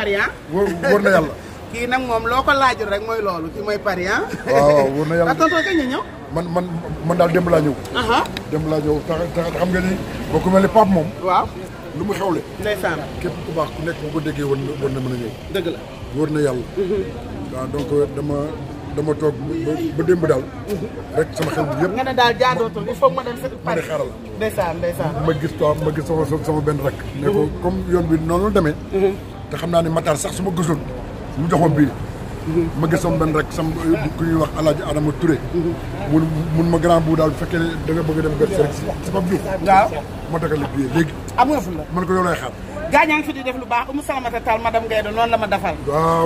pari ah. wóor wóor na yàlla. kii nag moom loo ko laajul rek mooy loolu kii mooy pari ah. waaw wóor na yàlla tonton kañ man man man daal démb laa ñëw. démb laa ñëw tax tax xam nga ni boo ko mel ni moom. waaw lu mu xewle. ndeysaan képp ku baax ku nekk ko déggee war na mën a ñëw. dëgg la wóor na yàlla. Mhm. waaw donc dama dama toog ba démb daal. Mhm. rek sama xel bi yëpp. nga ne daal jaadootul il faut ma dem ma ne ma gis quoi ma gis sama sama benn rek. ne mhm. comme yoon bi noonu la demee. te xam naa ne Matar sax su ma gisul mu jox ma bii. ma gis sama benn rek sama ku ñuy wax El Hadj Adama Touré. mun ma grand bu daal bu fekkee ne da nga bëgg a dem benn rek si si Pape Diouf. waaw ma dagal la bii léegi. am nga fu la man ko yow lay xaar. gaañaa ngi fi di def lu baax umu salamata taal madame Guèye noonu la ma dafal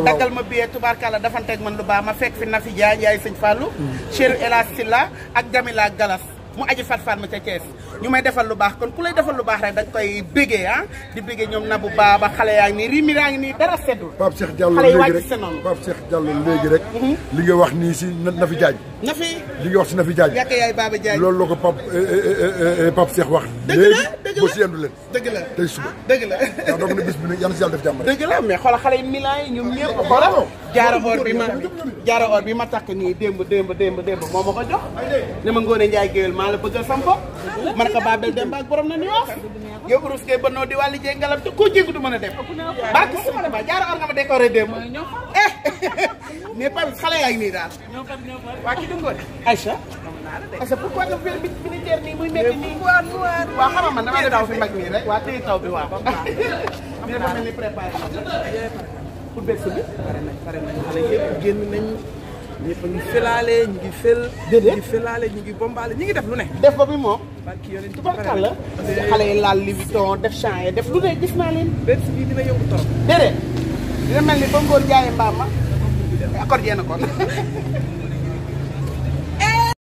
daggal ma biyee tubaarkàlla dafanteeg mën lu baax ma fekk fi Nafi Dia yaay sëñ Fallou mm. Cheikh El Hadj ak Jamila Galas mu aji Fat ma ca Thiès ñu may defal lu baax kon ku lay defal lu baax rek da nga koy bégee ah di bégee ñoom nabu baaba xale yaa ngi nii rimi yaa ngi nii dara seddul. Pape Cheikh Diallo léegi rek Pape Cheikh Diallo léegi rek. Mhm. li nga wax nii si na fi jaaj. na fi li nga wax si na fi jaaj ñàkk yaay Baba Jaaj loolu la ko Pape eh, eh, eh, Pape Cheikh wax. dëgg la dëgg la léegi yendu leen. dëgg la tey suba ah, dëgg la. ndax doog na bis bi ne yan si la mais xoolal xale yi milan ñoom ñëpp ah, ah, jaara or bi ma takk nii démb démb démb démb moo ma ko jox. ne ma Ngoone Njaay géwél maa la bëggal sam bopp. man ko Babel Demba ak borom na ñu wax. yow Roush Gueye ba noo di wàllu ngalam te koo jéegu du mën a dem. barke sama jaara or nga ma décoré démb mais par xale yaa ngi nii daal. waa ki dugg Aïcha. parce que pourquoi nga biir militaire nii muy métti nii. waaw xam nga man damaa def fi mag nii rek waa téye taw bi waaw. am naa dafa mel ni préparé pour berse bi. pare nañ pare nañ xale yëpp génn nañ. ñëpp ngi filaale ñu ngi fel. déedéet ñu ngi filaale ñu ngi bombaale ñu ngi def lu ne. def ba bi moom. tubarkal la xale yi laal Louis Vuitton def champs def lu ne gis naa leen. berse bi dina yëngu trop. déedéet dina mel ni ba Ngor Ndiaye Mbamba. accordé na kon